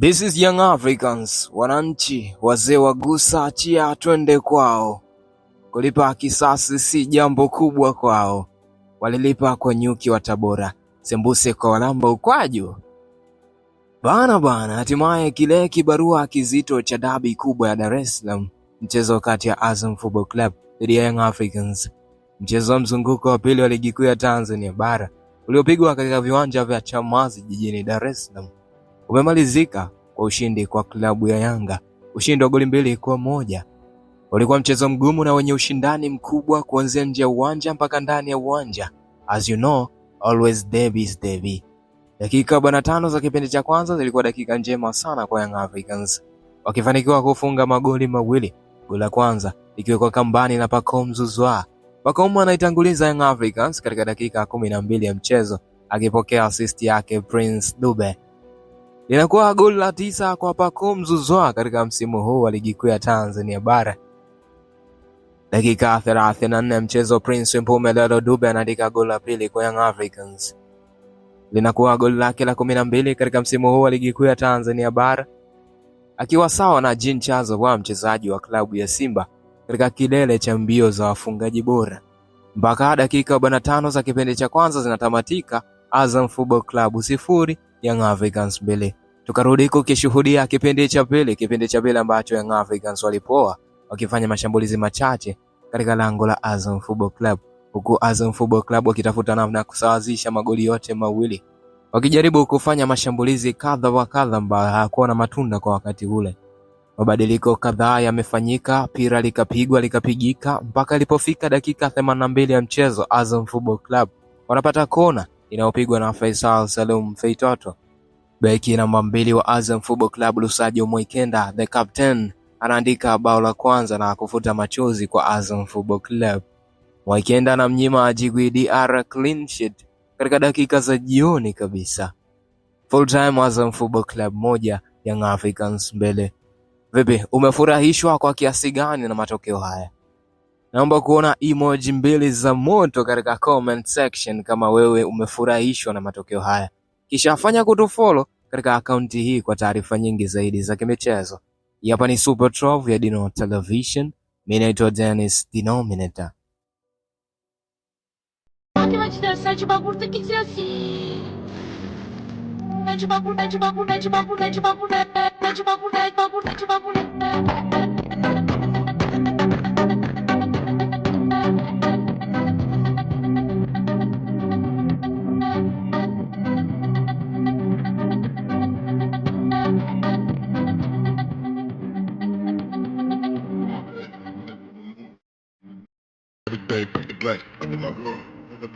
This is Young Africans, wananchi wazee wagusa, achia twende kwao. Kulipa kisasi si jambo kubwa kwao, walilipa kwa nyuki wa Tabora, sembuse kwa walamba ukwaju bana bana. Hatimaye kile kibarua kizito cha dabi kubwa ya Dar es Salaam, mchezo kati ya Azam Football Club dhidi ya Young Africans, mchezo wa mzunguko wa pili wa ligi kuu ya Tanzania bara uliopigwa katika viwanja vya Chamazi jijini Dar es Salaam umemalizika kwa ushindi kwa klabu ya Yanga, ushindi wa goli mbili kwa moja. Ulikuwa mchezo mgumu na wenye ushindani mkubwa kuanzia nje ya uwanja mpaka ndani ya uwanja. As you know, always derby is derby. Dakika 45 za kipindi cha kwanza zilikuwa dakika njema sana kwa Young Africans, wakifanikiwa kufunga magoli mawili, goli la kwanza likiwekwa kambani na Pacome Zouzoua. Pacome anaitanguliza Young Africans katika dakika 12 ya mchezo akipokea assist yake Prince Dube linakuwa goli la tisa kwa Pacome Mzuzwa katika msimu huu wa ligi kuu ya Tanzania bara. Dakika 34 ya mchezo, Prince Mpume Dado Dube anaandika goli la pili kwa Young Africans, linakuwa goli lake la 12 katika msimu huu wa ligi kuu ya Tanzania bara, akiwa sawa na Jean Chazo wa mchezaji wa klabu ya Simba katika kilele cha mbio za wafungaji bora. Mpaka dakika 45 za kipindi cha kwanza zinatamatika, Azam Football Club sifuri Young Africans mbili tukarudi kukishuhudia kipindi cha pili, kipindi cha pili ambacho Young Africans walipoa wakifanya mashambulizi machache katika lango la Azam Football Club, huku Azam Football Club wakitafuta namna ya kusawazisha magoli yote mawili, wakijaribu kufanya mashambulizi kadha wa kadha ambayo hayakuwa na matunda kwa wakati ule. Mabadiliko kadhaa yamefanyika, pira likapigwa likapigika, mpaka ilipofika dakika 82 ya mchezo Azam Football Club wanapata kona inayopigwa na Faisal Salum Feitoto Beki namba mbili wa Azam Football Club Lusajo Mwikenda the captain anaandika bao la kwanza na kufuta machozi kwa Azam Football Club. Mwikenda anamnyima Ajigwi DR clean sheet katika dakika za jioni kabisa. Full time Azam Football Club moja, Young Africans mbele. Vipi, umefurahishwa kwa kiasi gani na matokeo haya? Naomba kuona emoji mbili za moto katika comment section kama wewe umefurahishwa na matokeo haya kisha afanya kutufollow katika akaunti hii kwa taarifa nyingi zaidi za kimichezo. Hapa ni Super 12 ya Dino Television. Mimi naitwa Dennis Dinominator. thing, fuck the black. Fuck the black.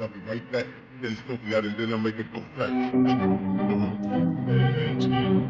I'll be right back. Then smoke that and then I'll make it go black. Mm-hmm.